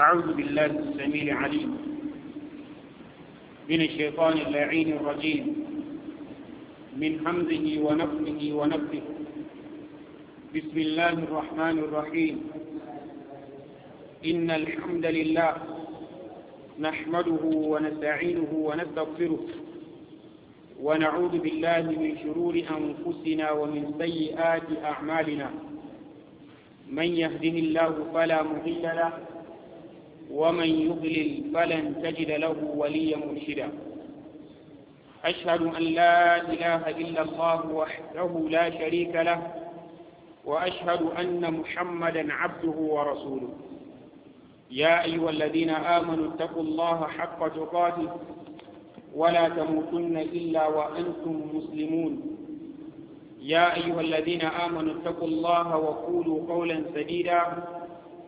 أعوذ بالله السميع العليم من الشيطان اللعين الرجيم من حمزه ونفسه ونفسه بسم الله الرحمن الرحيم إن الحمد لله نحمده ونستعينه ونستغفره ونعوذ بالله من شرور أنفسنا ومن سيئات أعمالنا من يهده الله فلا مضل له ومن يضلل فلن تجد له وليا مرشدا أشهد أن لا إله إلا الله وحده لا شريك له وأشهد أن محمدا عبده ورسوله يا أيها الذين آمنوا اتقوا الله حق تقاته ولا تموتن إلا وأنتم مسلمون يا أيها الذين آمنوا اتقوا الله وقولوا قولا سديدا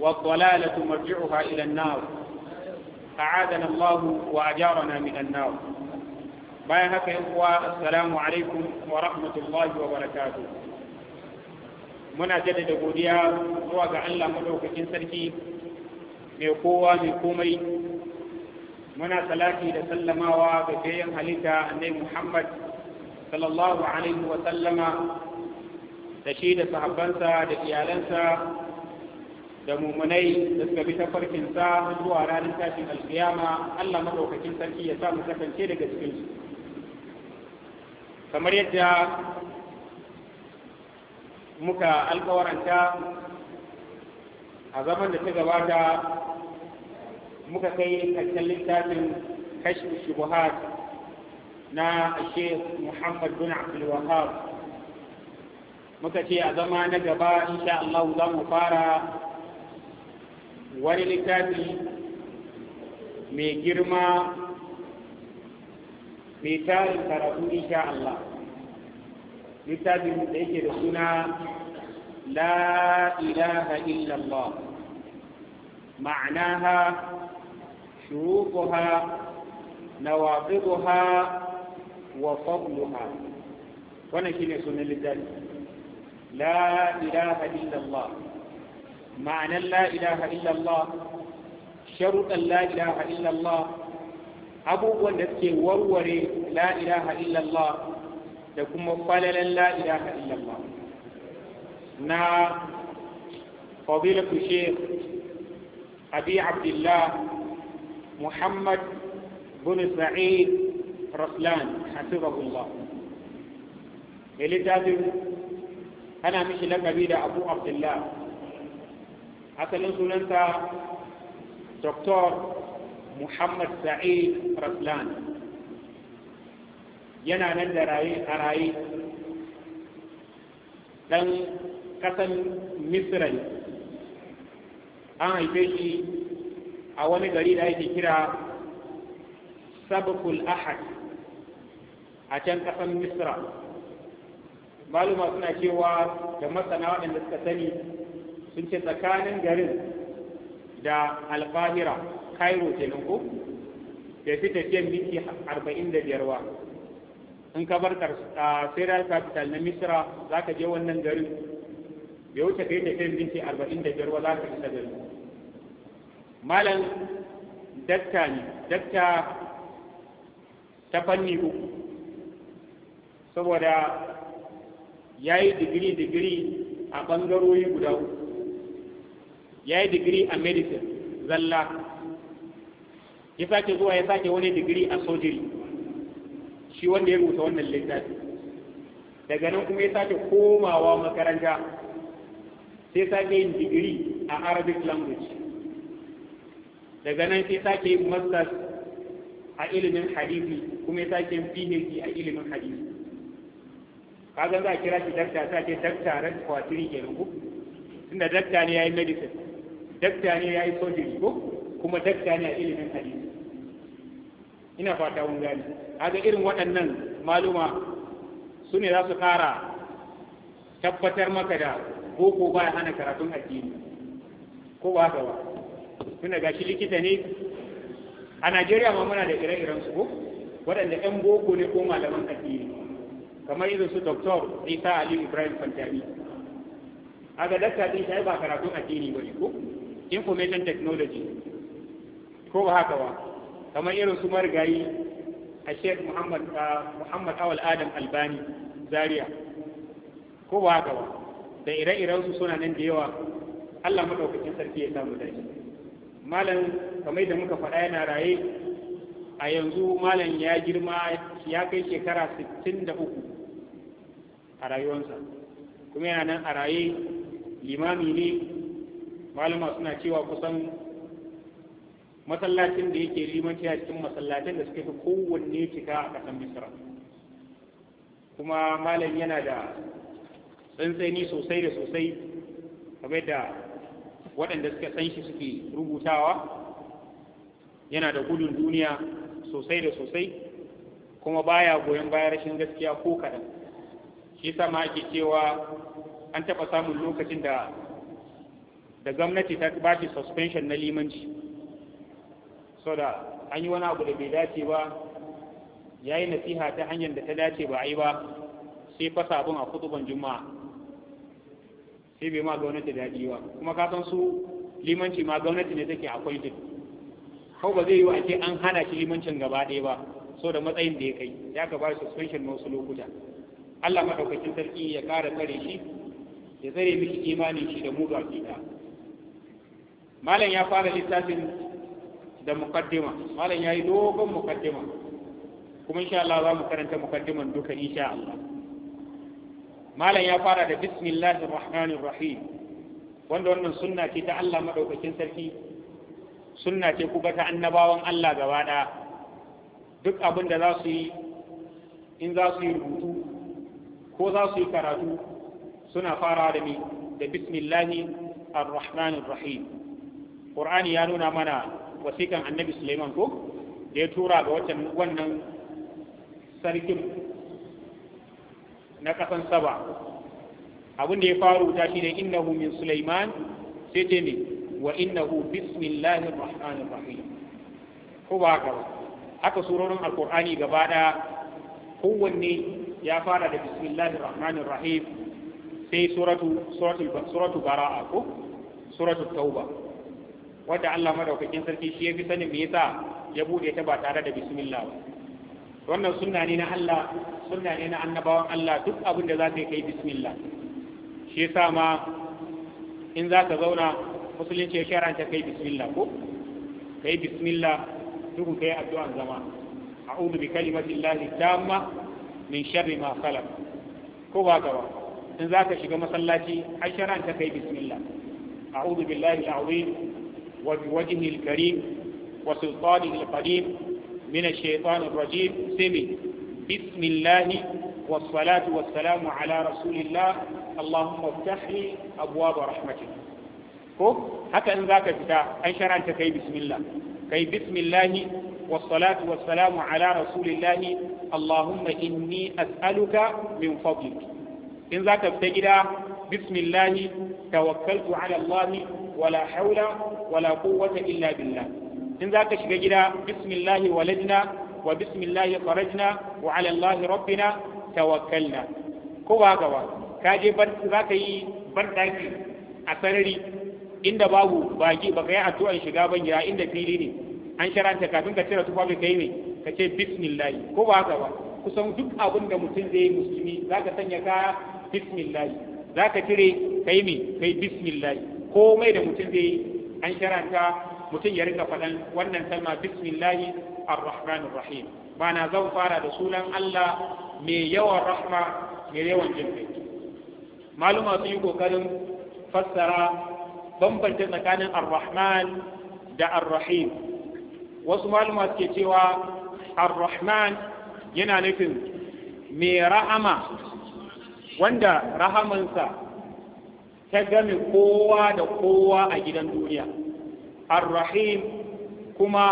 والضلالة مرجعها إلى النار أعاذنا الله وأجارنا من النار bayan haka yan uwa assalamu alaikum wa rahmatullahi wa barakatuh muna jaddada godiya zuwa ga Allah madaukakin sarki mai kowa mai komai muna salati da sallamawa ga kayan halitta annabi Muhammad sallallahu alaihi wa sallama da shi da sahabbansa da iyalansa da mumunai da suka bi tafarkin sa zuwa ranar tashin alkiyama Allah madaukakin sarki ya samu kasance daga cikin su kamar yadda muka alkawaranta a zaman da ta gabata muka kai karshen littafin kashf shubuhat na Sheikh Muhammad bin Abdul muka ce a zama na gaba insha Allah za mu fara wani littafi mai girma mai tarin karatu insha Allah littafin da yake da suna la ilaha illallah ma'anaha shuruquha nawaqiduha wa fadluha wannan shine sunan littafi la ilaha ma'anar la ilaha illallah sharuɗan la ilaha illallah abubuwan da suke warware la ilaha illallah da kuma falalen la ilaha illallah na fadilatu sheikh abi abdullah muhammad bin sa'id raslan hasibahullah ya littafin ana mishi lakabi da abu abdullah asalin sunanta dr muhammad sa'id raslan yana nan da raye a raye ɗan ƙasan misra an haife shi a wani gari da yake kira sabakul ahad a can ƙasan misra maluma suna cewa da masana waɗanda suka sani sun ce tsakanin garin da alfahira cairo kenan ko da fi tafiyan miki arba'in da biyarwa in ka bar serial capital na misra za ka je wannan garin bai wuce ka yi tafiyan miki arba'in da biyarwa za ka isa garin malam dakta ne dakta ta fanni uku saboda ya yi digiri-digiri a ɓangarori guda uku ya yi digiri a medicine zalla ya sake zuwa ya sake wani digiri a sojiri shi wanda ya rubuta wannan littafi daga nan kuma ya sake komawa makaranta sai sake yin digiri a arabic language daga nan sai sake yin masters a ilimin hadisi kuma ya sake yin phd a ilimin hadisi kaga za a kira shi dakta sake dakta ran kwatiri kenan ku tunda dakta ne ya yi medicine dakta ne ya yi sojiri ko kuma dakta ne a ilimin hadisi ina fata mun gani haka irin waɗannan maluma su ne za su ƙara tabbatar maka da boko ba ya hana karatun addini ko ba haka ba tunda ga shi likita ne a najeriya ma muna da ire-iren su ko waɗanda 'yan boko ne ko malaman addini kamar irin su doktor isa ali ibrahim fantami a ga dakta ɗin shi ba karatun addini ba ne ko information technology ko ba haka ba kamar irin su marigayi a sheikh muhammad muhammad awal adam albani zaria ko ba haka ba da ire-iren su suna nan da yawa allah maɗaukacin sarki ya samu da shi. malam kamar da muka faɗa yana raye a yanzu malam ya girma ya kai shekara 63 a rayuwarsa kuma yana nan a raye limami ne malama suna cewa kusan masallacin da yake limanci cikin masallacin da suka fi kowanne cika a ƙasar misra kuma malam yana da tsantsani sosai da sosai game da waɗanda suka san shi suke rubutawa yana da gudun duniya sosai da sosai kuma baya goyon bayan rashin gaskiya ko kaɗan shi sama ake cewa an taɓa samun lokacin da da gwamnati ta ba shi suspension na limanci so da an yi wani abu da bai dace ba ya yi nasiha ta hanyar da ta dace ba a yi ba sai fasa abin a kutuban juma'a sai bai ma gwamnati daɗi ba kuma ka san su limanci ma gwamnati ne take akwai kawai ko ba zai yi wa ake an hana shi limancin gaba ɗaya ba so da matsayin da ya kai ya ka ba suspension na wasu lokuta Allah maɗaukacin sarki ya ƙara tsare shi ya tsare miki imanin shi da mu ga malam ya fara littafin da mukaddima malam ya yi dogon mukaddima kuma insha Allah za mu karanta mukaddiman duka insha Allah malam ya fara da bismillahir rahmanir rahim wanda wannan sunna ce ta Allah madaukakin sarki sunna ce kuma ta annabawan Allah gaba ɗaya duk abin da za su yi in za su yi rubutu ko za su yi karatu suna fara da mi da bismillahir ar-rahmanir rahim qur'ani ya nuna mana wasikan annabi suleiman ko da ya tura ga wancan wannan sarkin na kasan saba abin da ya faru ta shi ne innahu min suleiman sai ce ne wa innahu bismillahir rahmanir rahim ko ba haka ba haka surorin alqur'ani gaba daya kowanne ya fara da bismillahir rahmanir rahim sai suratu suratu suratu bara'a ko suratu tauba wadda Allah madaukakin sarki shi ya fi sanin me yasa ya bude ta ba tare da bismillah ba wannan sunna ne na Allah sunna ne na annabawan Allah duk abin da za ka yi kai bismillah shi yasa ma in za ka zauna musulunci ya sharanta kai bismillah ko kai bismillah duk kai addu'an zama a'udhu bi kalimati llahi tamma min sharri ma khalaq ko ba ka ba in za ka shiga masallaci ai sharanta kai bismillah a'udhu billahi al-azim وبوجهه الكريم وسلطانه القديم من الشيطان الرجيم سمي بسم الله والصلاة والسلام على رسول الله اللهم افتح لي أبواب رحمتك كوب حتى إن ذاك فتاة أن أنت كي بسم الله كي بسم الله والصلاة والسلام على رسول الله اللهم إني أسألك من فضلك إن ذاك فتجد بسم الله توكلت على الله wala haula wala quwwata illa billah in zaka shiga gida bismillahi walajna wa bismillahi kharajna wa ala allahi rabbina tawakkalna ko ba gaba ka je bar zaka yi banɗaki daki a sarari inda babu baki baka yi addu'ar shiga ban gida inda fili ne an sharanta kafin ka cire tufafi kai ne ka ce bismillah ko ba haka ba kusan duk abinda mutum zai yi musulmi zaka sanya kaya bismillah zaka cire kai me kai bismillah komai da mutum zai an sharanta mutum ya rika faɗan wannan salma bismillahi arrahmanir rahim Bana zan fara da sunan Allah mai yawan rahma mai yawan jin Malama maluma sun yi kokarin fassara bambanta tsakanin arrahman da arrahim wasu maluma suke cewa arrahman yana nufin mai rahama wanda rahamansa ta game kowa da kowa a gidan duniya ar-rahim kuma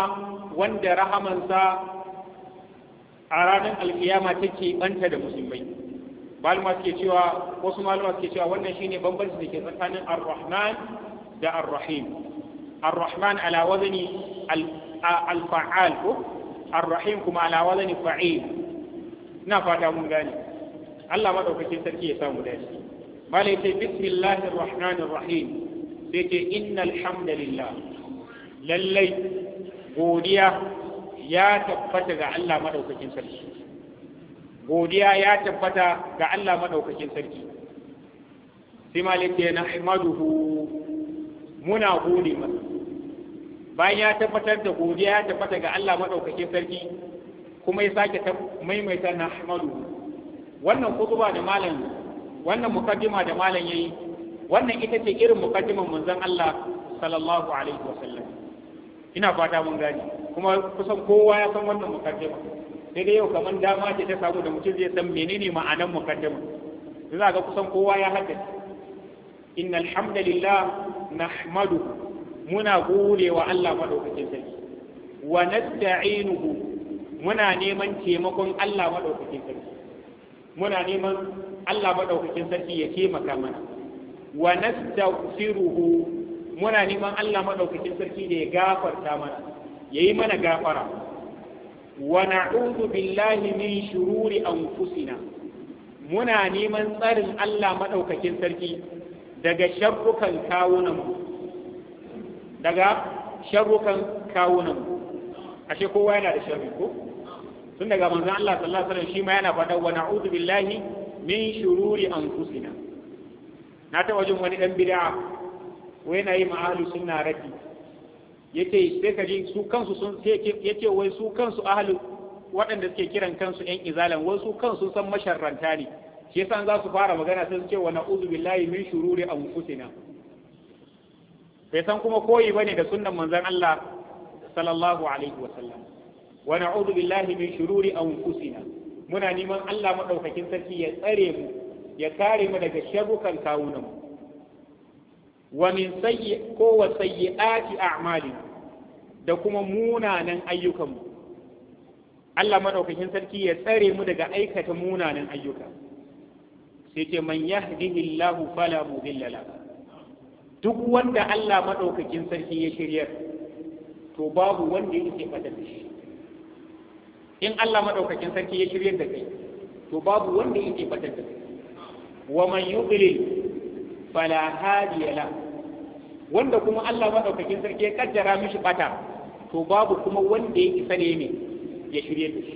wanda rahamansa a ranar alkiyama take banta da musulmai malama suke cewa wasu malama suke cewa wannan shine bambanci da ke tsakanin ar-rahman da ar-rahim ar-rahman ala wazani al-fa'al ko ar-rahim kuma ala wazani fa'il ina fata mun gane Allah madaukakin sarki ya samu dace malai ce bismillahir rahmanir rahim sai ce innal hamdalillah lallai godiya ya tabbata ga Allah madaukakin sarki godiya ya tabbata ga Allah madaukakin sarki sai malai ce nahmaduhu muna gode masa bayan ya tabbatar da godiya ya tabbata ga Allah madaukakin sarki kuma ya sake maimaita na hamadu wannan kutuba da malam wannan mukaddima da malam yayi wannan ita ce irin mukaddiman manzon Allah sallallahu alaihi wasallam ina fata mun gani kuma kusan kowa ya san wannan mukaddima sai dai yau kamar dama ce ta samu da mutum zai san menene ma'anar mukaddima za ga kusan kowa ya haddace inna alhamdulillah, nahmaduhu muna gode wa Allah madaukakin sarki wa nasta'inuhu muna neman taimakon Allah madaukakin sarki muna neman Allah maɗaukakin sarki ya taimaka mana wa nastaghfiruhu muna neman Allah maɗaukakin sarki da ya gafarta mana yayi mana gafara wa na'udhu billahi min shururi anfusina muna neman tsarin Allah maɗaukakin sarki daga sharrukan kawunan? daga sharrukan kawunanmu ashe kowa yana da sharri ko tun daga manzon Allah sallallahu alaihi wasallam shi ma yana faɗa wa na'udhu billahi min shururi anfusina na taɓa jin wani ɗan bid'a ko yana yi ma'alu sunna rafi yace sai ka ji su kansu sun sai yace wai su kansu ahlu waɗanda suke kiran kansu ƴan izalan wai su kansu san masharranta ne shi yasa za su fara magana sai su ce wa na'udhu billahi min shururi anfusina bai san kuma koyi bane da sunnan manzon Allah sallallahu alaihi wasallam wani na'udhu billahi min shururi anfusina muna neman Allah maɗaukakin sarki ya tsare mu ya kare mu daga sharukan kawunan mu wa min sayyi ko wa sayyi'ati a'mali da kuma munanan ayyukan mu Allah maɗaukakin sarki ya tsare mu daga aikata munanan ayyuka sai ce man yahdihillahu fala mudilla duk wanda Allah maɗaukakin sarki ya shirya to babu wanda yake ɓatar da shi in Allah madaukakin sarki ya shirye da kai to babu wanda yake batar da kai wa man yudlil fala hadiya la wanda kuma Allah madaukakin sarki ya kaddara mishi bata to babu kuma wanda ya isa ne ya shirye da shi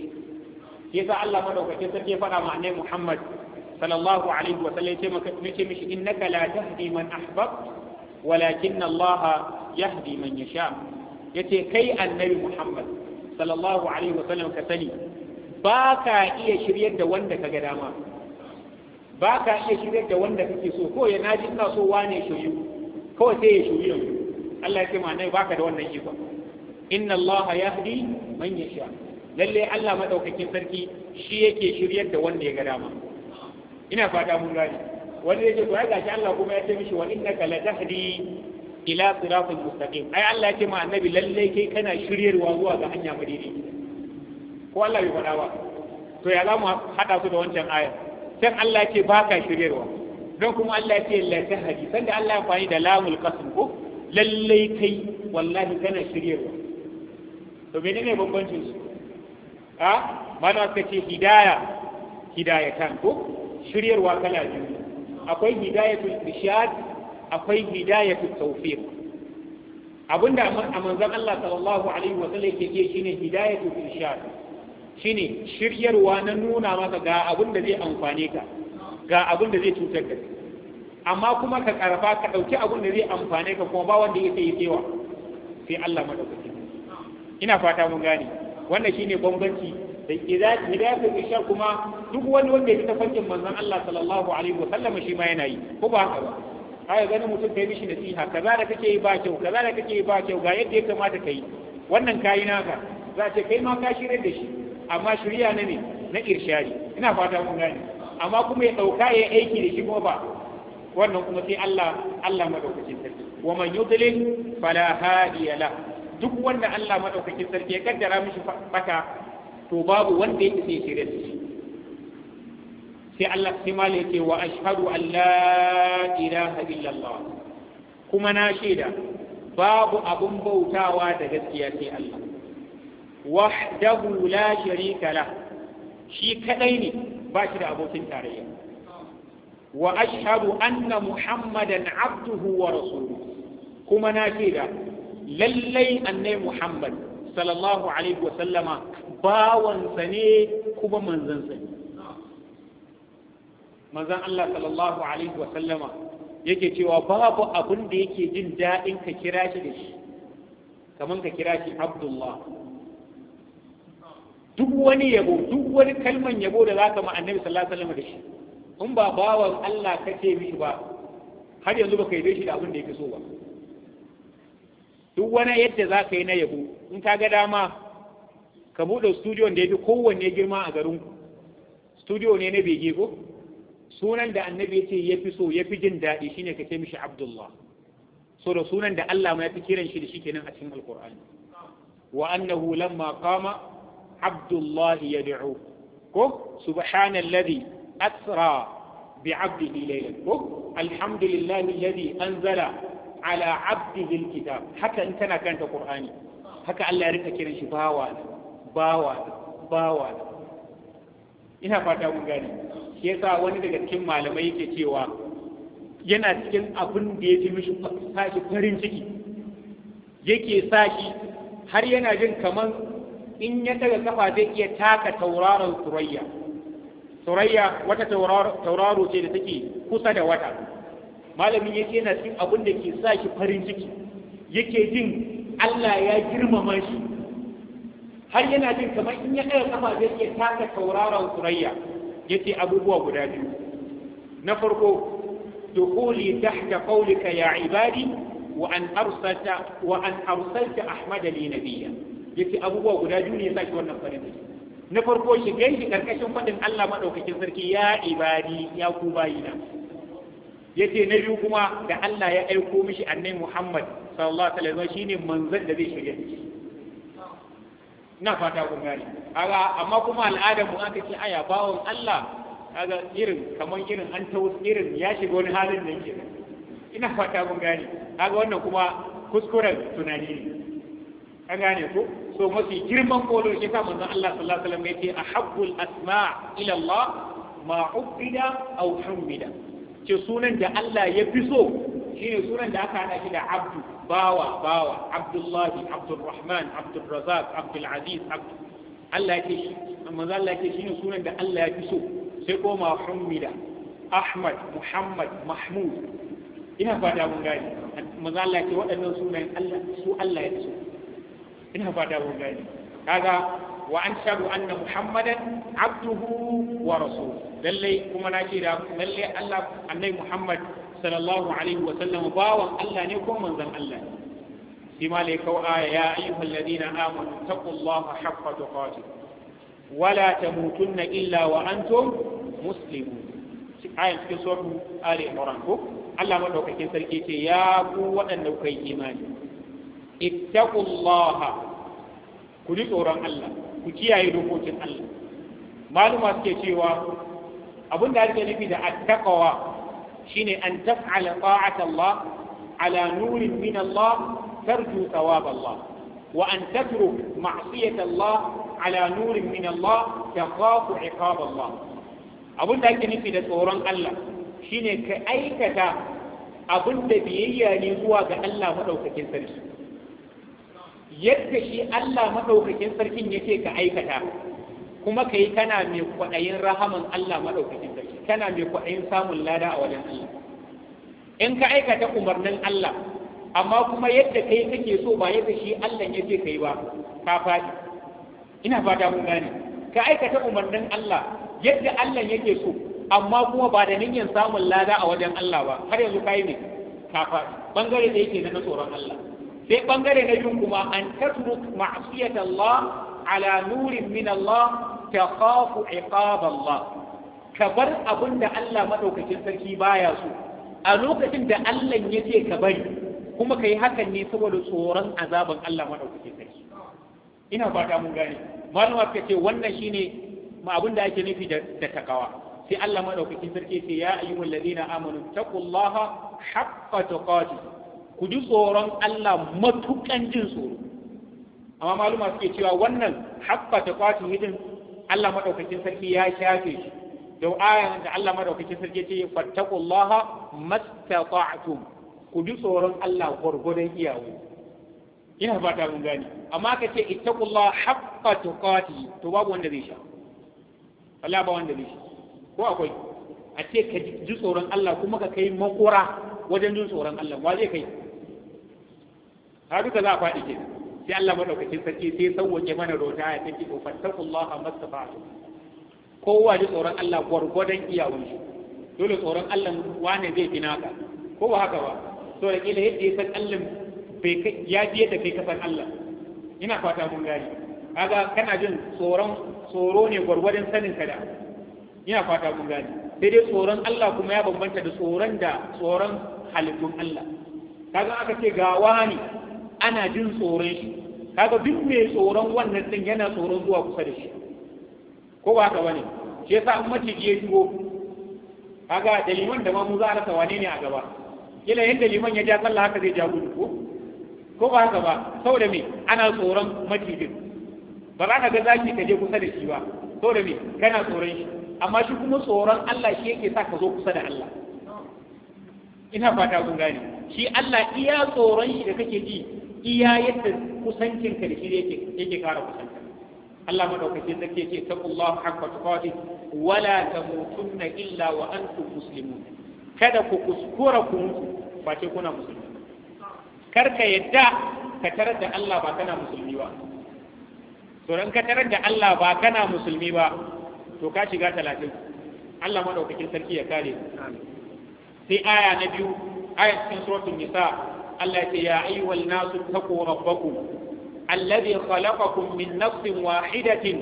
yasa Allah madaukakin sarki ya faɗa ma'anai Muhammad sallallahu alaihi wa sallam ya ce mishi innaka la tahdi man ahbabta walakin Allah yahdi man yasha yace kai annabi Muhammad sallallahu alaihi wasallam ka sani ba ka iya shiryar da wanda ka ga dama ba ka iya shiryar da wanda kake so ko ya naji ina so wane shiryu kawai sai ya shiryu yanzu Allah ya ce ma'anai ka da wannan iko inna Allah yahdi man yasha lalle Allah madaukakin sarki shi yake shiryar da wanda ya ga dama ina fata mun gane wanda yake to ai gashi Allah kuma ya ce mishi wa innaka la tahdi ila siratul mustaqim ai Allah ya ce ma annabi lalle kai kana shiryarwa zuwa ga hanya madidi ko Allah bai faɗa ba to ya za mu haɗa su da wancan aya Sai Allah ya ce ba ka shiryarwa don kuma Allah ya ce la tahdi sanda Allah ya fani da lamul qasm ko lalle kai wallahi kana shiryarwa to menene bambancin su a mana suka ce hidaya hidayatan ko shiryarwa kana biyu akwai hidayatul irshad akwai hidayatu tawfiq abinda a manzon Allah sallallahu alaihi wa sallam yake shine hidayatu irshad shine shiryarwa na nuna maka ga abin da zai amfane ka ga abin da zai cutar da amma kuma ka karfa ka dauki abin da zai amfane ka kuma ba wanda yake yi cewa sai Allah madaukaki ina fata mun gane wannan shine bambanci da hidayatu irshad kuma duk wani wanda ya fankin manzon Allah sallallahu alaihi wa sallam shi ma yana yi ko ba haka ba aka ganin mutum kai mishi nasiha kaza da kake yi ba kyau kaza da kake yi ba kyau ga yadda ya kamata kai wannan kayi naka za ce kai ma ka shirye da shi amma shirya na ne na irshari ina fata mun gane amma kuma ya dauka ya aiki da shi kuma ba wannan kuma sai Allah Allah madaukakin sarki wa man yudlil fala hadiya la duk wanda Allah madaukakin sarki ya kaddara mishi baka to babu wanda yake sai shirye da shi sai Allah sai mala yake wa ashhadu an la ilaha illallah kuma na shaida babu abun bautawa da gaskiya sai Allah wahdahu la sharika la shi kadai ne ba shi da abokin tarayya wa ashhadu anna muhammadan abduhu wa rasuluhu kuma na shaida lallai annai muhammad sallallahu alaihi wa sallama bawansa ne kuma manzansa manzan Allah sallallahu alaihi wa sallama yake cewa babu abin da yake jin daɗin ka kira shi da shi kamar ka kira shi Abdullah duk wani yabo duk wani kalman yabo da zaka ma annabi sallallahu alaihi wa sallama da shi in ba bawan Allah kace mishi ba har yanzu ba ka yi shi da abin da yake so ba duk wani yadda za ka yi na yabo in ka ga dama ka buɗe studio da ya fi kowanne girma a garinku studio ne na bege ko sunan da annabi ya ce ya fi so ya fi jin daɗi shine ka ce mishi abdullah so da sunan da Allah ma ya fi kiran shi da shi kenan a cikin alkur'ani wa annahu lamma qama abdullah yad'u ko subhanalladhi asra bi 'abdihi laylan ko alhamdulillahi alladhi anzala ala 'abdihi alkitab haka in kana karanta qur'ani haka Allah ya rika kiran shi bawa bawa bawa ina fata mun gane shi yasa wani daga cikin malamai yake cewa yana cikin abin da ya fi mishi sashi farin ciki yake sashi har yana jin kamar in ya daga kafa zai iya taka tauraron surayya surayya wata tauraro ce da take kusa da wata malamin yake yana cikin abin da ke sashi farin ciki yake jin Allah ya girmama shi har yana jin kamar in ya daga kafa zai iya taka tauraron surayya yace abubuwa guda biyu na farko dukhuli tahta qawlika ya ibadi wa an arsalta wa an arsalta ahmada li nabiyya yace abubuwa guda biyu ne yasa wannan farin ciki na farko shigai shi karkashin faɗin Allah maɗaukakin sarki ya ibadi ya ku bayina ya ce na biyu kuma da Allah ya aiko mishi annai Muhammad sallallahu alaihi wasallam shine manzon da zai shirya ina fata kun gane kaga amma kuma al'adar mu aka ce aya bawon Allah kaga irin kaman irin an ta irin ya shiga wani halin nan kenan ina fata kun gane kaga wannan kuma kuskuren tunani ne an gane ku. so mafi girman kolo shi sa manzon Allah sallallahu alaihi wasallam yake ahabbul asma' ila Allah ma ubbida aw hamida. ce sunan da Allah ya fi so shine sunan da aka hada shi da abdu bawa bawa abdullahi abdurrahman abdurrazak abdulaziz abdu Allah yake shi manzo Allah yake shine sunan da Allah ya fi so sai koma hummida ahmad muhammad mahmud ina fata mun gani Maza Allah ke waɗannan sunayen Allah su Allah ya fi so ina fata mun gani kaga wa an shaɗu anna muhammadan abduhu wa rasul lallai kuma na ce da lallai Allah annai muhammad sallallahu alaihi wa sallam bawan Allah ne ko manzon Allah ne shi ma lai kau aya ya ayyuhal ladina amanu taqullaha haqqa tuqatih wala tamutunna illa wa antum muslimun ayan cikin suratul ali imran ko Allah madaukakin sarki ce ya ku waɗanda kuka yi imani ittaqullaha ku ji tsoron Allah ku kiyaye dokokin Allah maluma suke cewa abin da ake nufi da attaqwa shine an taf'ala ta'at Allah ala nurin min Allah tarju thawab Allah wa an tatruk ma'siyat Allah ala nurin min Allah takhafu iqab Allah abun da ake nufi da tsoron Allah shine ka aikata abun da biyayya ne zuwa ga Allah madaukakin sarki yadda shi Allah madaukakin sarkin yake ka aikata kuma kai kana mai kwaɗayin rahaman Allah madaukakin sarki kana mai kwaɗayin samun lada a wajen Allah in ka aikata umarnin Allah amma kuma yadda kai kake so ba yadda shi Allah ya ce kai ba ka faɗi ina fata mun gane ka aikata umarnin Allah yadda Allah yake so amma kuma ba da niyyar samun lada a wajen Allah ba har yanzu ka yi ne ka faɗi bangare da yake na tsoron Allah sai bangare na biyun kuma an tatruk ma'siyat Allah ala nurin min Allah ta takhafu iqab Allah ka bar abin da Allah maɗaukakin sarki baya so a lokacin da Allah ya ce ka bari kuma ka yi hakan ne saboda tsoron azaban Allah maɗaukakin sarki ina ba mun gane malama ka ce wannan shi ne abin da ake nufi da takawa sai Allah maɗaukakin sarki ce ya ayyuhal ladina amanu taqullaha haqqa tuqatih ku ji tsoron Allah matukan jin tsoro amma maluma suke cewa wannan haqqa tuqatih din Allah maɗaukakin sarki ya shafe shi da ayan da Allah madaukakin sarki ce ya fattaqullaha mastata'tum ku bi tsoron Allah gwargwadon iyawo ina ta mun gani. amma ka ce ittaqullaha haqqa tuqati to babu wanda zai sha Allah ba wanda zai sha ko akwai a ce ka ji tsoron Allah kuma ka kai makura wajen jin tsoron Allah wa zai kai Ha duka za a faɗi ke sai Allah madaukakin sarki sai sauwake mana rota ya take to fattaqullaha mastata'tum kowa ji tsoron Allah gwargwadon iyawan dole tsoron Allah wane zai fi naka ko ba haka ba so da kila yadda ya san Allah bai ya ji yadda kai kasan Allah ina fata mun gani kaga kana jin tsoron tsoro ne gwargwadon sanin ka da ina fata mun gani sai dai tsoron Allah kuma ya bambanta da tsoron da tsoron halittun Allah kaga aka ce ga wani ana jin tsoron shi kaga duk mai tsoron wannan din yana tsoron zuwa kusa da shi ko ba haka bane shi yasa in maciji ya shigo kaga da liman da ma mu za a rasa wane ne a gaba kila yadda liman ya ja sallah haka zai ja gudu ko ko ba haka ba saboda me ana tsoron macijin ba za ka ga zaki ka je kusa da shi ba saboda me kana tsoron shi amma shi kuma tsoron Allah shi yake sa ka zo kusa da Allah ina fata kun gane shi Allah iya tsoron shi da kake ji iya yadda kusancinka da shi yake yake kara kusanta Allah madaukakin ce, yake taqullaha haqqa tuqatih wala mutum na illa wa antum muslimun kada ku kuskura ku mutu ba ce kuna musulmi kar ka yadda ka tarar da Allah ba kana musulmi ba to ran ka tarar da Allah ba kana musulmi ba to ka shiga talatin Allah madaukakin sarki ya kare sai aya na biyu aya cikin suratul nisa Allah ya ce ya ayyuhal nasu taqu rabbakum الذي خلقكم من نفس واحدة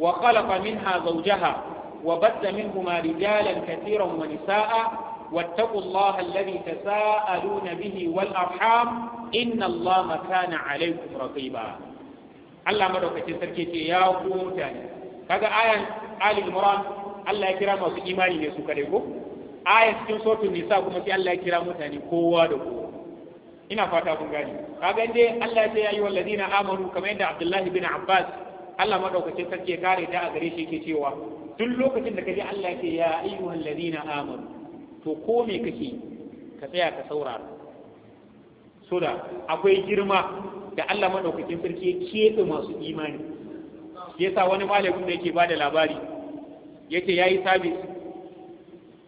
وخلق منها زوجها وبث منهما رجالا كثيرا ونساء واتقوا الله الذي تساءلون به والأرحام إن الله كان عليكم رقيبا الله مدوكة سركي يا قوتاني كذا آية آل عمران الله يكرم في إيمانه سكره آية سورة النساء كما الله يكرم متاني قوة دقوة ina fata kun gani kaga dai Allah ya ce ya ayyuhal ladina amanu kamar yadda Abdullahi bin Abbas Allah madaukakin sarki ya kare ta a gare shi yake cewa duk lokacin da kaji Allah ya ce ya ayyuhal ladina amanu to ko me kake ka tsaya ka saurara so da akwai girma da Allah madaukakin sarki ya masu imani yasa wani malamin da yake bada labari yace yayi sabis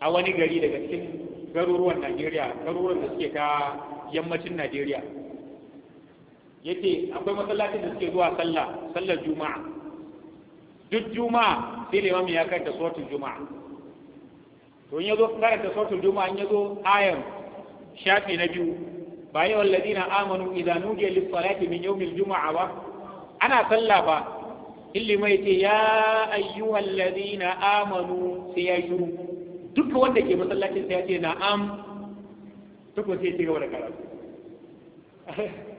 a wani gari daga cikin garuruwan Najeriya garuruwan da suke ka yammacin Najeriya yace akwai masallacin da suke zuwa sallah sallar juma'a duk juma'a sai limami ya karanta suratul juma'a to in yazo karanta suratul juma'a in yazo ayan shafi na biyu ba ya walladina amanu idza nudiya lis-salati min yawmil juma'a ba ana sallah ba illi mai ce ya ayyuhal ladina amanu sai ya shiru duk wanda ke masallacin sai ya ce na'am suka sai ci gaba da karatu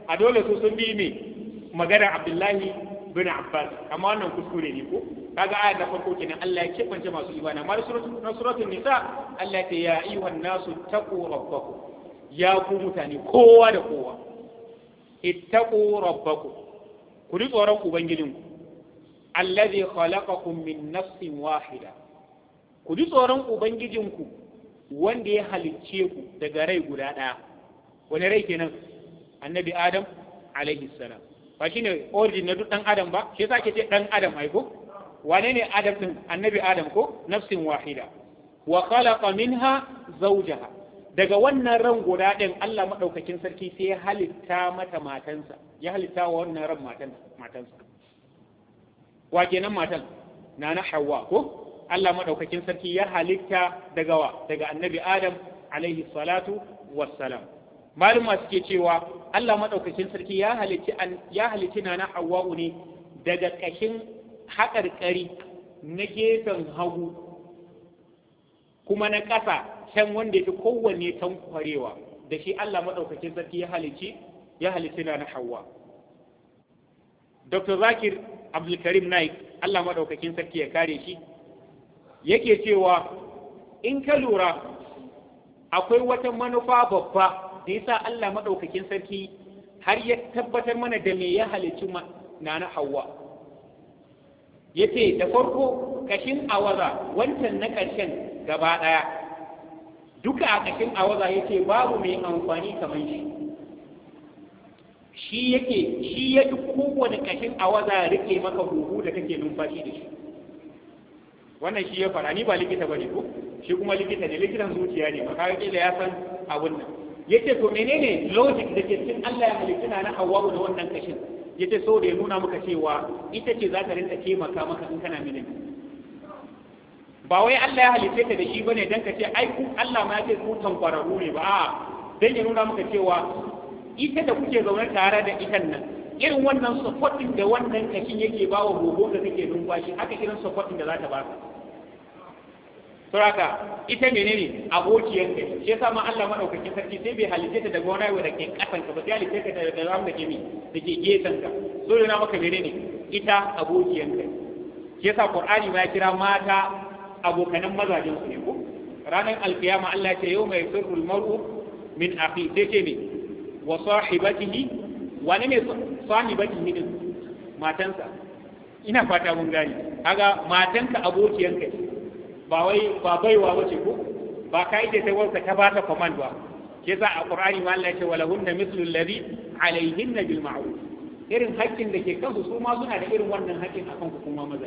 a dole su sun bi ne magana abdullahi bin abbas amma wannan kuskure ne ko kaga ayat na farko kenan Allah ya kebance masu imani amma na suratul nisa Allah ya ya wa nasu taqu rabbakum ya ku mutane kowa da kowa ittaqu rabbakum ku ri tsoron ubangijinku allazi khalaqakum min nafsin wahida ku ri tsoron ubangijinku wanda ya halicce ku daga rai guda ɗaya wani rai kenan annabi adam alaihi salam ba ne ordin na duk ɗan adam ba shi yasa ke ce ɗan adam ai ko wane ne adam ɗin annabi adam ko nafsin wahida wa khalaqa minha zawjaha daga wannan ran guda ɗin Allah maɗaukakin sarki sai ya halitta mata matansa ya halitta wa wannan ran matansa wa kenan matan na na hawa ko Allah maɗaukakin sarki ya halitta daga wa daga annabi Adam alaihi salatu wassalam maluma suke cewa Allah maɗaukakin sarki ya halitti ya halitti na Hawwa'u ne daga kashin haƙarƙari na gefen hagu kuma na ƙasa can wanda ya kowanne tankwarewa da shi Allah maɗaukakin sarki ya halitti ya halitti na Hawwa Dr. Zakir Abdulkarim Naik Allah maɗaukakin sarki ya kare shi yake cewa in ka lura akwai wata manufa babba da ya sa Allah maɗaukakin sarki har ya tabbatar mana da me ya halicci na na Ya ce da farko kashin awaza wancan na ƙarshen gaba ɗaya duka a kashin awaza ce babu mai amfani kamar shi shi yake shi ya duk kowane kashin awaza rike maka huhu da kake numfashi da shi wannan shi ya fara ni ba likita bane ko shi kuma likita ne likitan zuciya ne ba kai kila ya san abun nan yace to menene logic da ke cikin Allah ya halitta na Hawwa da wannan kashin yace so da ya nuna maka cewa ita ce za ta rinka taimaka maka in kana mini ba wai Allah ya halitta ka da shi bane dan ka ce ai ku Allah ma ya ce ku tankwararru ne ba a'a dan ya nuna maka cewa ita da kuke zaune tare da ita nan irin wannan supporting da wannan kashin yake bawa gogo da kake numfashi haka irin supporting da za ta baka saboda ita menene abokiyar ka shi yasa ma Allah madaukakin sarki sai bai halice ta daga wani wanda ke kasan ka ba sai halice ta daga ramu da ke da ke gesan ka so yana maka menene ita abokiyar ka shi yasa Qur'ani ma ya kira mata abokanan mazajen su ne ko ranar alkiyama Allah ce yau mai sirrul mar'u min akhi sai ce ne wa sahibatihi wani ne sahibatihi din matansa ina fata mun gani kaga matanka abokiyanka ce ba wai ba baiwa wace ko ba ka ita ta wansa ka bata command ba ke sa a qur'ani ma Allah ya ce wala hunna mislu alladhi alayhinna bil ma'ruf irin haƙƙin da ke kansu su ma suna da irin wannan haƙƙin a kanku kuma maza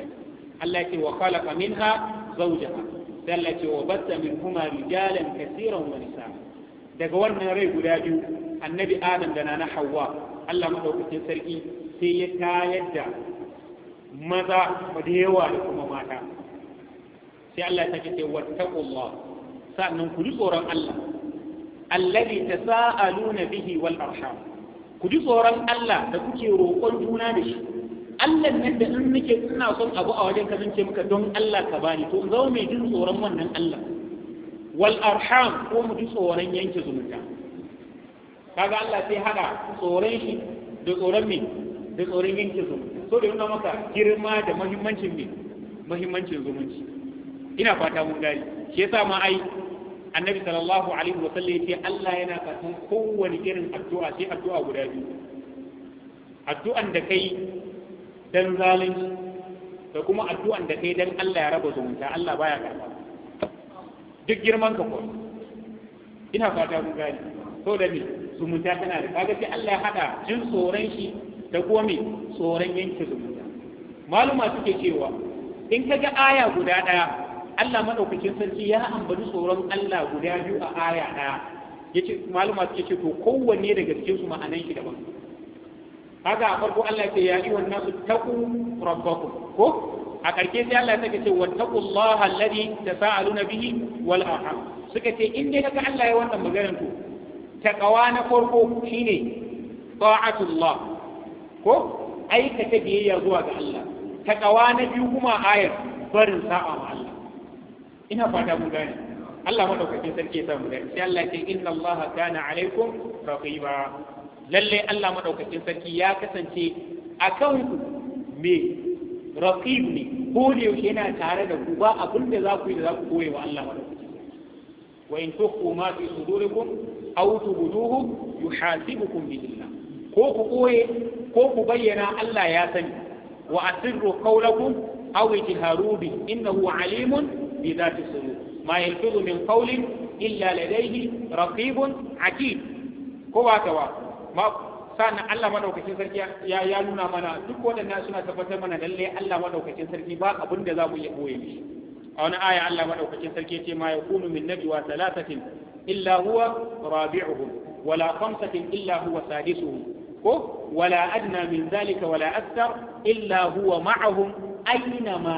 Allah ya ce wa khalaqa minha zawjaha sai Allah ya ce wa batta minhuma rijalan kaseeran wa nisaa daga wannan rai guda biyu annabi adam da nana hawwa Allah madaukakin sarki sai ya tayar da maza da yawa da kuma sai Allah ta sake ce wattaqullah sannan ku ji tsoron Allah allazi tasaaluna bihi wal arham ku ji tsoron Allah da kuke roƙon juna da shi Allah nan da in nake ina son abu a wajen ka zance maka don Allah ka bani to zama mai jin tsoron wannan Allah wal arham ko mu ji tsoron yanke zumunta kaga Allah sai hada tsoron shi da tsoron me da tsoron yanke zumunta so da yana maka girma da muhimmancin me muhimmancin zumunci ina fata mun gani shi yasa ma ai annabi sallallahu alaihi wa sallam yace Allah yana karɓan kowanne irin addu'a sai addu'a guda biyu addu'an da kai dan zalunci da kuma addu'an da kai dan Allah ya raba zumunta Allah baya karɓa duk girman ka ko ina fata mun gani so da ni zumunta tana da kaga sai Allah ya hada jin tsoron shi da kuma me tsoron yanke zumunta maluma suke cewa in kaga aya guda daya Allah maɗaukakin sarki ya ambaci tsoron Allah guda biyu a aya ɗaya yace maluma suke ce to kowanne daga cikin su ma'anan shi daban kaga a farko Allah ya ce ya ayyuhan nasu taqu rabbakum ko a karke sai Allah ya ce wa wattaqullaha alladhi tasaaluna bihi wal arham suka ce in dai kaga Allah ya wannan maganar to taqwa na farko shine ta'atullah ko aikata biyayya zuwa ga Allah taqwa na biyu kuma ayar barin sa'a ma ina fata mu gane Allah madaukakin sarki ya samu gane sai Allah ce inna Allah kana alaikum raqiba lalle Allah madaukakin sarki ya kasance akan ku me raqib ne ko da yaushe yana tare da ku ba abin da za ku yi da za ku koye wa Allah madaukakin wa in tukhfu ma fi sudurikum aw tubduhu yuhasibukum billah ko ku koye ko ku bayyana Allah ya sani wa asirru qawlakum aw ijharu bi innahu alimun fi zati sudur ma yalfizu min qawlin illa ladayhi raqibun atid ko ba ta ba ma sannan Allah madaukakin sarki ya ya nuna mana duk waɗannan suna tabbatar mana lalle Allah madaukakin sarki ba abin da za mu iya boye mishi a wani aya Allah madaukakin sarki ce ma yakunu min najwa thalathatin illa huwa rabi'uhum wala khamsatin illa huwa sadisuhum ko wala adna min zalika wala akthar illa huwa ma'ahum aina ma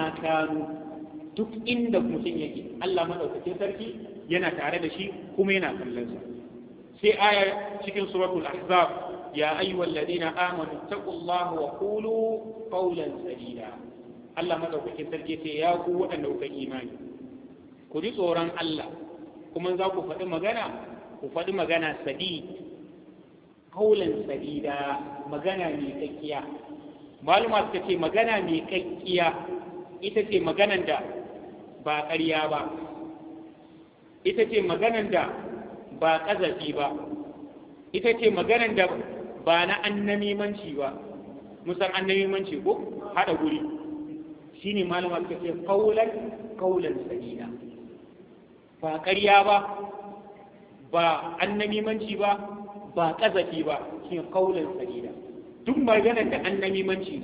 duk inda mutum yake Allah madaukakin sarki yana tare da shi kuma yana kallon sa sai aya cikin suratul ahzab ya ayyuhal ladina amanu taqullaha wa qulu qawlan sadida Allah madaukakin sarki sai ya ku waɗanda kuka imani ku ji tsoron Allah kuma za ku faɗi magana ku faɗi magana sadid qawlan sadida magana mai kakkiya maluma suka ce magana mai kakkiya ita ce maganan da ba ƙarya ba ita ce maganan da ba ƙazafi ba ita ce maganan da ba na annamimanci ba musan annamimanci ko haɗa guri ne malama ta ce kaulan kaulan sadida ba ƙarya ba ba annamimanci ba ba ƙazafi ba ne kaulan sadida duk maganar da annamimanci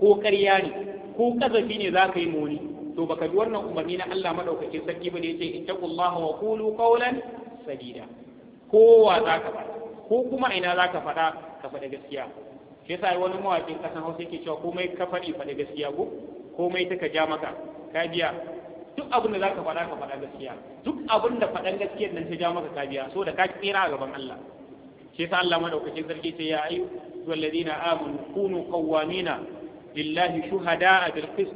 ko ƙarya ne ko ƙazafi ne za ka yi moni to baka bi wannan umarni na Allah madaukakin sarki bane ba da yace ittaqullaha wa qulu qawlan sadida kowa zaka faɗa ko kuma ina zaka faɗa ka faɗa gaskiya shi yasa wani mawakin ƙasar Hausa yake cewa komai ka faɗi faɗa gaskiya ko komai ta ka ja maka ka biya duk abin da zaka faɗa ka faɗa gaskiya duk abin da faɗan gaskiyar nan ta ja maka ka biya so da ka tsira a gaban Allah shi yasa Allah madaukakin sarki ce ya ayu والذين آمنوا كونوا قوامين لله شهداء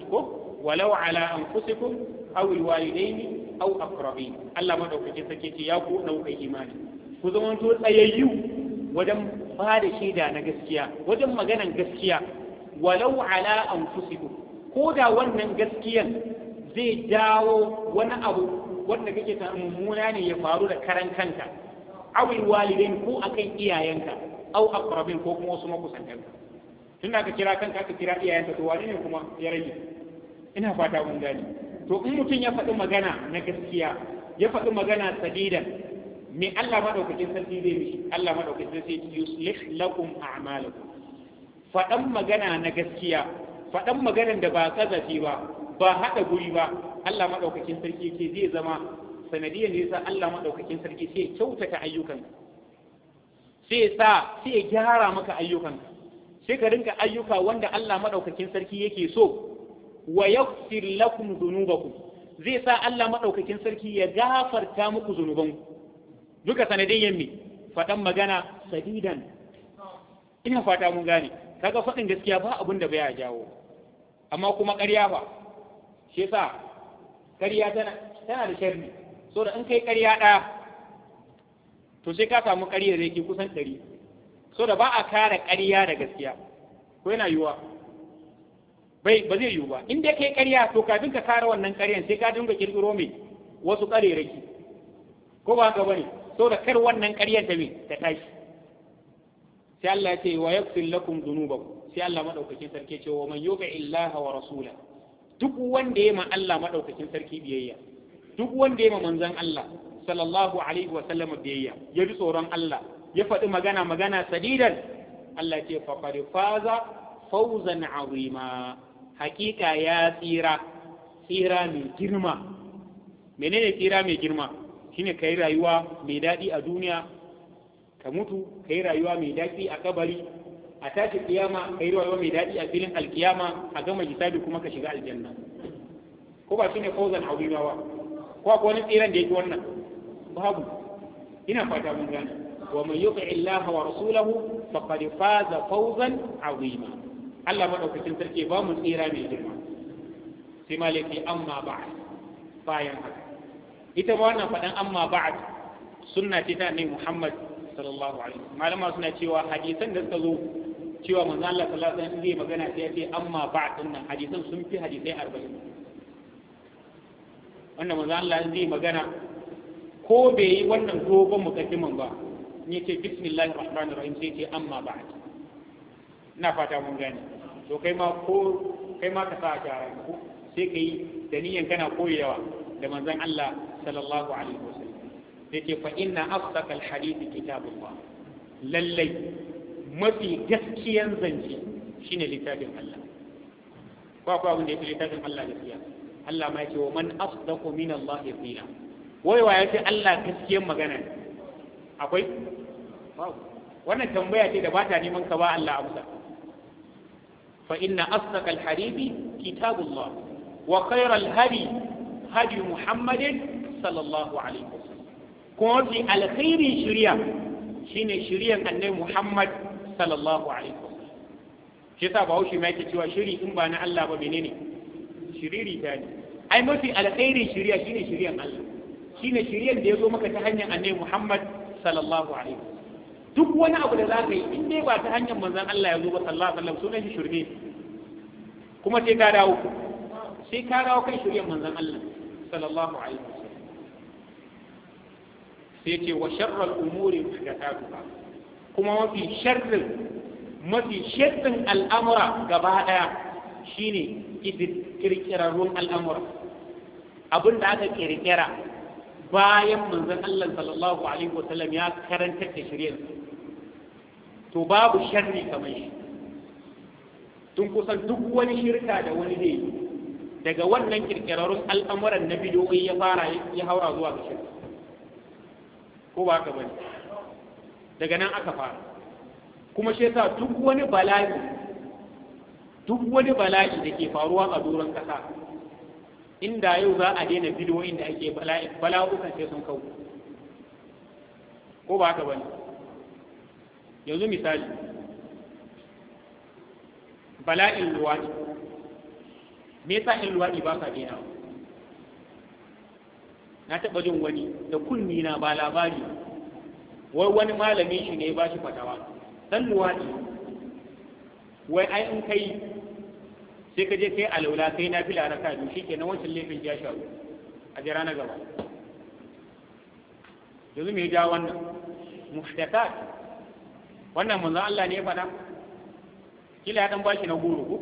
ko. walau ala anfusikum aw alwalidaini aw aqrabin Allah madaukake sake ce ya ku dauka imani ku zama to tsayayyu wajen ba da shaida na gaskiya wajen maganan gaskiya walau ala anfusikum ko da wannan gaskiyan zai dawo wani abu wanda kake ta mummuna ne ya faru da karan kanka aw alwalidain ko akan iyayenka aw aqrabin ko kuma wasu makusantanka tun da aka kira kanka aka kira iyayenka to wani ne kuma ya rage ina fata mun gani to in mutum ya faɗi magana na gaskiya ya faɗi magana sadidan me Allah madaukakin sarki zai mishi Allah madaukakin sarki yuslih lakum a'malakum faɗan magana na gaskiya faɗan maganan da ba kazafi ba ba haɗa guri ba Allah maɗaukakin sarki ke zai zama sanadiyan ne sa Allah maɗaukakin sarki sai kyautata ayyukan sai sa sai gyara maka ayyukan sai ka rinka ayyuka wanda Allah madaukakin sarki yake so wa yaghfir lakum dhunubakum zai sa Allah madaukakin sarki ya gafarta muku zunuban? duka sanadin yammi fadan magana sadidan ina fata mun gane kaga faɗin gaskiya ba abin da bai jawo amma kuma ƙarya ba shi yasa ƙarya tana tana da sharri so da in kai ƙarya ɗaya to sai ka samu ƙarya da yake kusan ɗari so da ba a kare ƙarya da gaskiya ko yana yiwuwa bai ba zai yiwu ba in dai kai ƙarya to kafin ka kare wannan ƙaryan sai ka dinga kirkiro mai wasu ƙarerake ko ba haka bane da kar wannan ƙaryan ta mai ta tashi sai Allah ya ce wa yaghfir lakum dhunubakum sai Allah madaukakin sarki ce wa man yuti illaha wa rasula duk wanda ya ma Allah madaukakin sarki biyayya duk wanda ya ma manzon Allah sallallahu alaihi wa sallam biyayya ya bi tsoron Allah ya faɗi magana magana sadidan Allah ce faqad faza fawzan azima hakika ya tsira tsira mai girma Mene ne tsira mai girma shine kai rayuwa mai daɗi a duniya ka mutu kai rayuwa mai daɗi a kabari a tashi kiyama kai rayuwa mai daɗi a filin alkiyama a gama hisabi kuma ka shiga aljanna ko ba shine fauzan azima ba ko akwai wani tsiran da yake wannan babu ina fata mun gane wa man yuti Allah wa rasulahu faqad faza fawzan azima Allah madaukakin sarki ba mu tsira mai girma sai malaki amma ba'ad bayan haka ita ba wannan faɗan amma ba'ad sunna ce ta ne Muhammad sallallahu alaihi wasallam malama suna cewa hadisan da suka zo cewa manzo Allah sallallahu alaihi wasallam zai magana sai ya ce amma ba'ad din hadisan sun fi hadisai 40 wannan manzo Allah zai magana ko bai yi wannan dogon mukaddiman ba ni ce bismillahir rahmanir rahim sai ce amma ba'ad ina fata mun gane to kai ma ko kai ma ka sa a sharan ku sai kai yi da niyan kana koyewa da manzon Allah sallallahu alaihi wasallam sai ce fa inna afdaqa alhadith kitabullah lallai mafi gaskiyan zance shine littafin Allah ko akwai abin da yake littafin Allah gaskiya Allah ma yake wa man asdaqu min Allah qila wai wa yace Allah gaskiyan magana akwai wannan tambaya ce da ba ta neman ka ba Allah amsa فإن أصدق الحديث كتاب الله وخير الهدي هدي محمد صلى الله عليه وسلم كون في الخير شريعة شين شريعة أن محمد صلى الله عليه وسلم شيسا باوشي ما يكتوى شري إن بانا الله وبنيني شريري تاني أي ما في الخير شريعة شين شريعة الله شين شريعة ديزو مكتحنيا أن محمد صلى الله عليه وسلم duk wani abu da za ka yi in dai ba ta hanyar manzan Allah ya zo ba sallallahu alaihi wasallam sunan shi shirme kuma sai ka dawo sai ka dawo kai shirye manzan Allah sallallahu alaihi wasallam sai ce wa sharral umuri muhdathatuha kuma mafi sharrin mafi sharrin al'amura gaba daya shine kirkirarrun al'amura abin da aka kirkira bayan manzon Allah sallallahu alaihi wasallam ya karantar da shirye to babu sharri kamar shi tun kusan duk wani shirka da wani ne daga wannan kirkirarun al'amuran na bidiyoyi ya fara ya haura zuwa ga shirka ko ba ka bane daga nan aka fara kuma shi yasa duk wani bala'i duk wani bala'i da ke faruwa a doron kasa inda yau za a daina bidiyoyin da ake bala'ukan sai sun kawo ko ba haka bane yanzu misali bala'in luwaɗi me yasa in luwaɗi ba sa daina na taɓa jin wani da kunni na ba labari wai wani malamin shi ne ba shi fatawa dan luwaɗi wai ai in kai sai ka je kai alaula kai na fila raka biyu shi kenan wancan laifin ya sha a jira na gaba yanzu ya ja wannan muhdathat wannan manzon Allah ne ya faɗa kila ya dan bashi na goro ko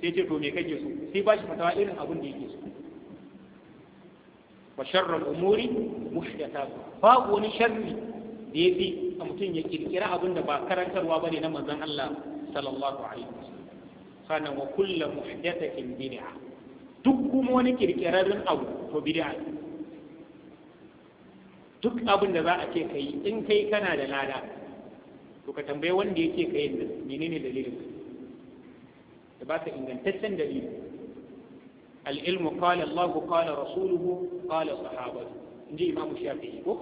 sai ce to me kake so sai bashi fatawa irin abin da yake so wa sharrul umuri muhdathat babu wani sharri da yafi a mutum ya kirkira abin da ba karantarwa bane na manzon Allah sallallahu alaihi wasallam sannan wa kullu muhdathatin bid'a duk kuma wani kirkirarren abu to bid'a duk abin da za a ce kai in kai kana da lada to ka tambaye wanda yake kai nan menene dalilin da ba ka ingantaccen dalili al-ilmu qala Allah qala rasuluhu qala sahabatu inji imam shafi'i ko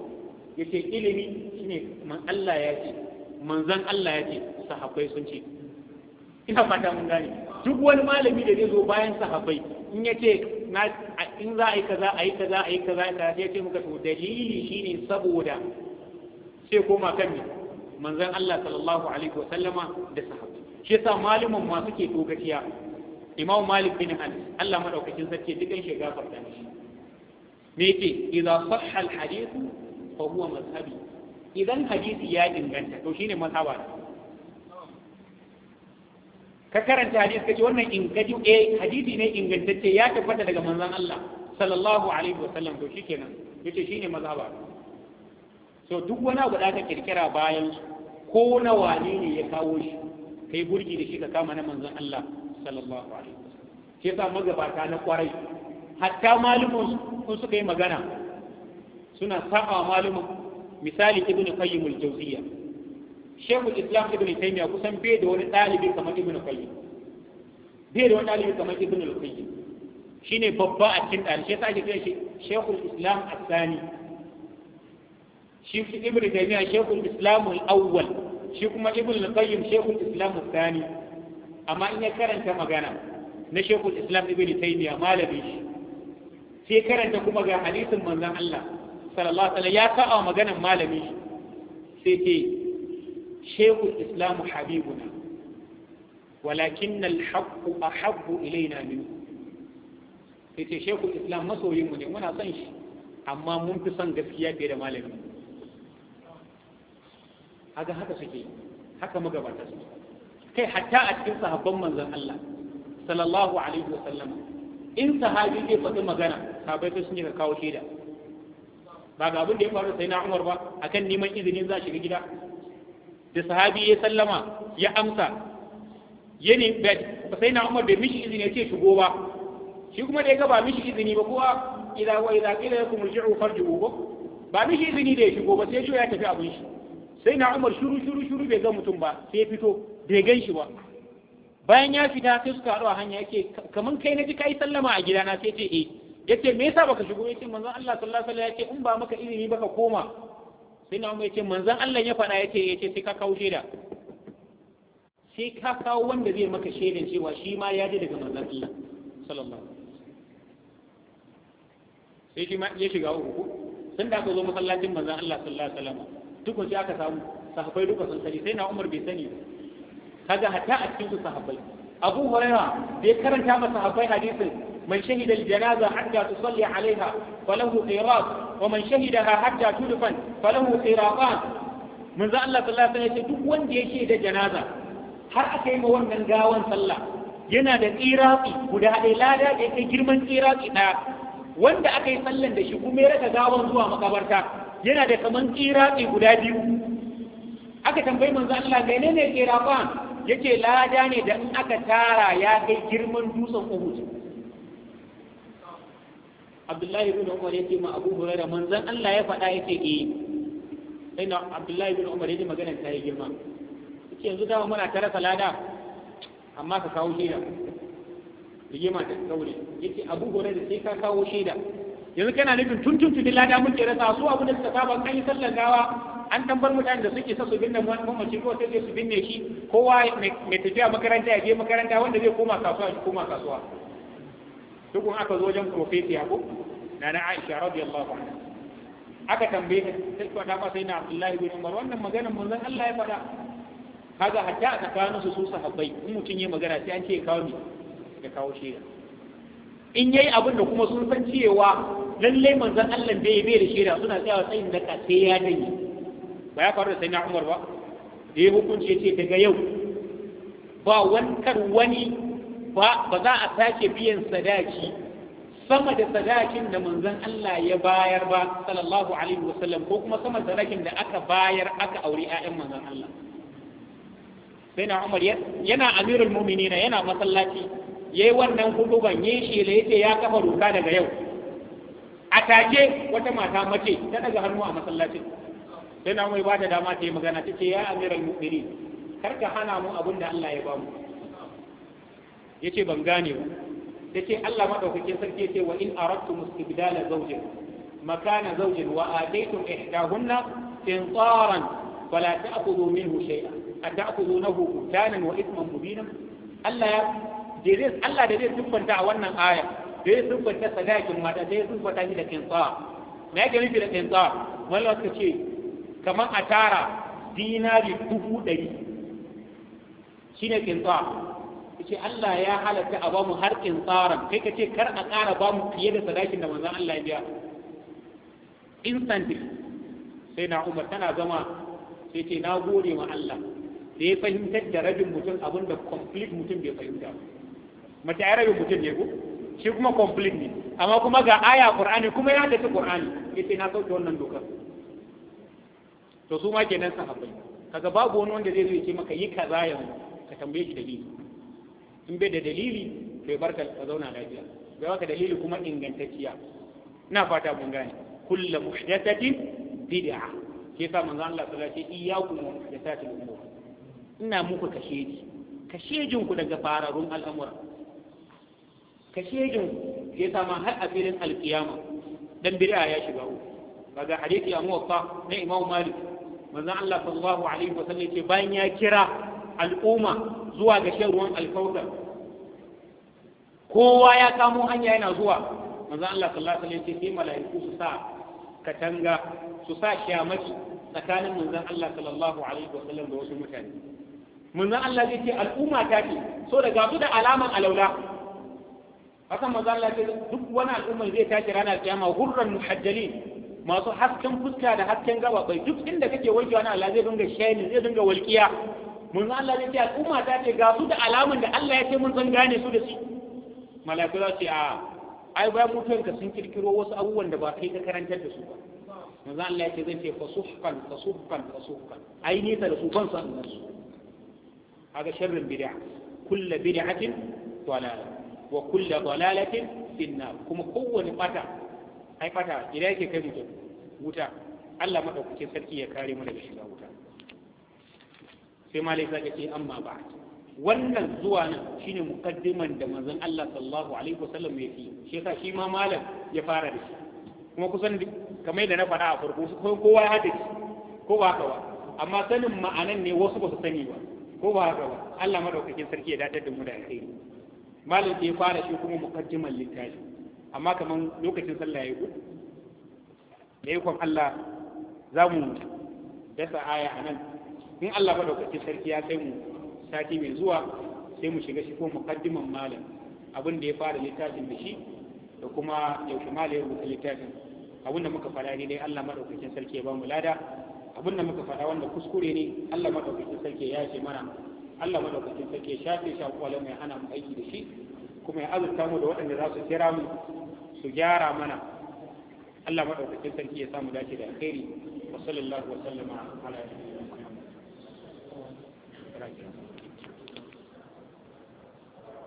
yace ilimi shine man Allah ya ce manzon Allah ya ce sahabbai sun ce ina fata mun gane duk wani malami da zai zo bayan sahabbai in ya ce in za a yi kaza a yi kaza a yi kaza a ya ce muka to dalili shine saboda sai koma kan ne manzon Allah sallallahu alaihi wa sallama da sahabbai shi yasa malumin ma suke dogaciya Imam Malik bin Anas Allah madaukakin sarki dukan shi gafarta mishi me yake idan sahha al hadith fa huwa mazhabi idan hadisi ya inganta to shine mazhaba ka karanta hadisi kace wannan in kaji eh hadisi ne ingantacce ya tabbata daga manzon Allah sallallahu alaihi wasallam to shikenan yace shine mazhaba so duk wani abu da aka kirkira bayan ko na wane ne ya kawo shi kai burgi da shi ka kama na manzon Allah sallallahu alaihi wasallam ke yasa magabata na kwarai hatta malumin sun suka yi magana suna sa'a malumin misali ibnu qayyim al-jawziyya shehu islam ibn taymiya kusan bai da wani ɗalibi kamar ibn qayyim bai da wani ɗalibi kamar ibn qayyim shine babba a cikin dalibi sai yasa ake kiran shi shekul islam asani shi ibn taymiya shehu islam al-awwal shi kuma ibn qayyim shehu islam asani amma in ya karanta magana na shehu islam ibn taymiya malami shi sai karanta kuma ga hadisin manzon Allah sallallahu alaihi wasallam ya ka'a maganar malami sai ce shekul islamu habibuna walakin alhaqqu ahabbu ilaina minhu sai ce shekul islam masoyinmu ne muna son shi amma mun fi son gaskiya fiye da malami haka haka suke haka magabata su kai hatta a cikin sahabban manzon Allah sallallahu alaihi wa wasallam in sahabi zai faɗi magana sahabbai sai sun yi ka kawo shaida ba ga abin da ya faru sai na Umar ba akan neman izinin za shiga gida da sahabi ya sallama ya amsa ya ne sai na umar bai mishi izini ya ce shigo ba shi kuma da ya gaba mishi izini ba kowa idan wa idan kila ya kuma ji'u farji'u ba ba mishi izini da ya shigo ba sai ya tafi abin shi sai na umar shuru shuru shuru bai ga mutum ba sai ya fito bai gan shi ba bayan ya fita sai suka haɗu a hanya yake kaman kai na ji kai sallama a gidana sai ce eh yace me yasa baka shigo yace manzon Allah sallallahu alaihi wasallam yace in ba maka ilimi baka koma sai na umar yace manzan Allah ya faɗa yace yace sai ka kawo shaida sai ka kawo wanda zai maka shaidan cewa shi ma ya ji daga manzon Allah sallallahu sai shi ma ya shiga uku sun da aka zo masallacin manzon Allah sallallahu alaihi wasallam dukun sai aka samu sahabbai duka sun sani sai na Umar bai sani kaga hatta a cikin su sahabbai Abu Hurairah da ya karanta masa sahabbai hadisin man shahida al-janaza hatta tusalli alaiha falahu qiras wa شهدها حتى تدفن فله falahu من ذا Allah صلى الله عليه duk wanda yake da janaza har aka yi ma wannan gawan sallah yana da tsirafi guda ɗaya lada da yake girman tsirafi ɗaya wanda aka yi sallan da shi kuma ya raka gawan zuwa makabarta yana da kaman tsirafi guda biyu aka tambayi manzo Allah ga ne ne tsirafan yake lada ne da in aka tara ya kai girman dutsen Uhud abdullahi bin umar yake ma abu hurairah manzon Allah ya faɗa yake eh sai na abdullahi bin umar yake magana ta yi girma yake yanzu dama muna tare salada amma ka kawo shaida rigima ta kaure yake abu hurairah sai ka kawo shaida yanzu kana nufin tun tun tun lada mun ke rasa su abu da suka saba an yi sallar gawa an dan bar mutane da suke sa su binne mamaci ko sai su binne shi kowa mai tafiya makaranta ya je makaranta wanda zai koma kasuwa shi koma kasuwa tukun aka zo wajen profesiya ko na na aisha radiyallahu anha aka tambaye ta sai faɗa ba sai na abdullahi bin umar wannan magana manzon Allah ya faɗa kaga hatta a tsakanin su su sahabbai in mutum ya magana sai an ce kawo ni ya kawo shaida in yayi abin da kuma sun san cewa lalle manzon Allah bai bai da shaida suna tsayawa tsayin da ka sai ya danyi. ba ya faru da sayyidina Umar ba da ya hukunci ya ce daga yau ba wani wani ba za a sake biyan sadaki sama da sadakin da manzon Allah ya bayar ba sallallahu alaihi wasallam ko kuma sama sadakin da aka bayar aka auri ƴaƴan manzon Allah sai na Umar yana amirul mu'minina yana masallaci yayi wannan huduban yayi shela yace ya kafa doka daga yau a take wata mata mace ta daga hannu a masallacin sai na Umar ba dama ta yi magana tace ya amirul mu'minin kar hana mu abin da Allah ya ba mu Ya ce ban gane ba ce Allah madaukakin sarki yace wa in aradtum istibdala zaujin makana zaujin wa ataytum ihdahunna tintaran fala ta'khudhu minhu shay'a ata'khudhunahu butanan wa ithman mubina Allah ya dai Allah da zai tuffanta a wannan aya da ya tuffanta sadakin mata da ya tuffanta shi da tintar me yake nufi da tintar wallahi suka ce kamar a tara dinari dubu ɗari ne tintar ce Allah ya halatta a bamu har tsara kai ka ce kar a ƙara bamu fiye da sadakin da manzon Allah ya biya instantly sai na Umar tana zama sai ce na gode ma Allah da ya fahimtar da rabin mutum abin da complete mutum bai fahimta mace ya rabin mutum ne ko shi kuma complete ne amma kuma ga aya Qur'ani kuma ya tafi Qur'ani yace na sauke wannan dokar to su ma kenan sahabbai kaga babu wani wanda zai zo ya ce maka yi kaza yanzu ka tambaye shi biyu in bai da dalili bai barka ka zauna lafiya bai baka dalili kuma ingantacciya ina fata mun gane kullu muhdathatin bid'a ke sa manzo Allah sallallahu alaihi wasallam iyyakum wa muhdathatil umur ina muku kasheji kashejin ku daga fararun al'amura kashejin ke sa ma har a filin alkiyama dan bid'a ya shiga uku kaga hadisi a muwaffa na Imam Malik manzo Allah sallallahu alaihi wasallam ce bayan ya kira al'umma zuwa ga shan ruwan alkautar kowa ya kamo hanya yana zuwa manzo Allah sallallahu alaihi wasallam sai mala'iku su sa katanga su sa shiyamaki tsakanin manzon Allah sallallahu alaihi wasallam da wasu mutane manzon Allah zai ce al'umma ta ce so da gabu da alaman alaula haka manzon Allah ce duk wani al'umma zai tashi ranar kiyama hurran muhajjalin masu hasken fuska da hasken gaba bai duk inda kake wankewa na Allah zai dinga shayin zai dinga walƙiya. mun san Allah ya ce al'umma ta ce ga su da alaman da Allah ya ce mun san gane su da shi mala'iku za su ce a ai bayan mutuwanka sun kirkiro wasu abubuwan da ba kai ka karantar da su ba mun san Allah ya ce zai ce fasuhkan fasuhkan fasuhkan ai nisa da su ban san nan su haka sharrin bid'a kullu bid'atin dalala wa kullu dalalatin finna kuma kowane bata ai bata idan yake kai mutum wuta Allah madaukakin sarki ya kare mu daga shiga wuta sai malai zaka ce amma ba wannan zuwa nan shine mukaddiman da manzon Allah sallallahu alaihi wasallam ya fi shi yasa shi ma malam ya fara da shi kuma kusan kamar da na faɗa a farko kowa ya hada shi ko ba haka ba amma sanin ma'anan ne wasu ba su sani ba ko ba haka ba Allah madaukakin sarki ya datar da mu da alheri malam ya fara shi kuma mukaddiman littafi amma kaman lokacin sallah ya yi da ikon Allah za mu dasa aya a nan in Allah madaukakin sarki ya kai mu sati mai zuwa sai mu shiga shi ko muqaddiman malam abin da ya fara littafin da shi da kuma yaushe malam ya rubuta littafin abin da muka faɗa ne dai Allah madaukakin sarki ya ba mu lada abin da muka faɗa wanda kuskure ne Allah madaukakin sarki ya ce mana Allah madaukakin sarki ya shafe shi akwai mai hana mu aiki da shi kuma ya azurta mu da waɗanda za su kira mu su gyara mana Allah madaukakin sarki ya samu dace da alheri wa sallallahu wa sallama ala right there.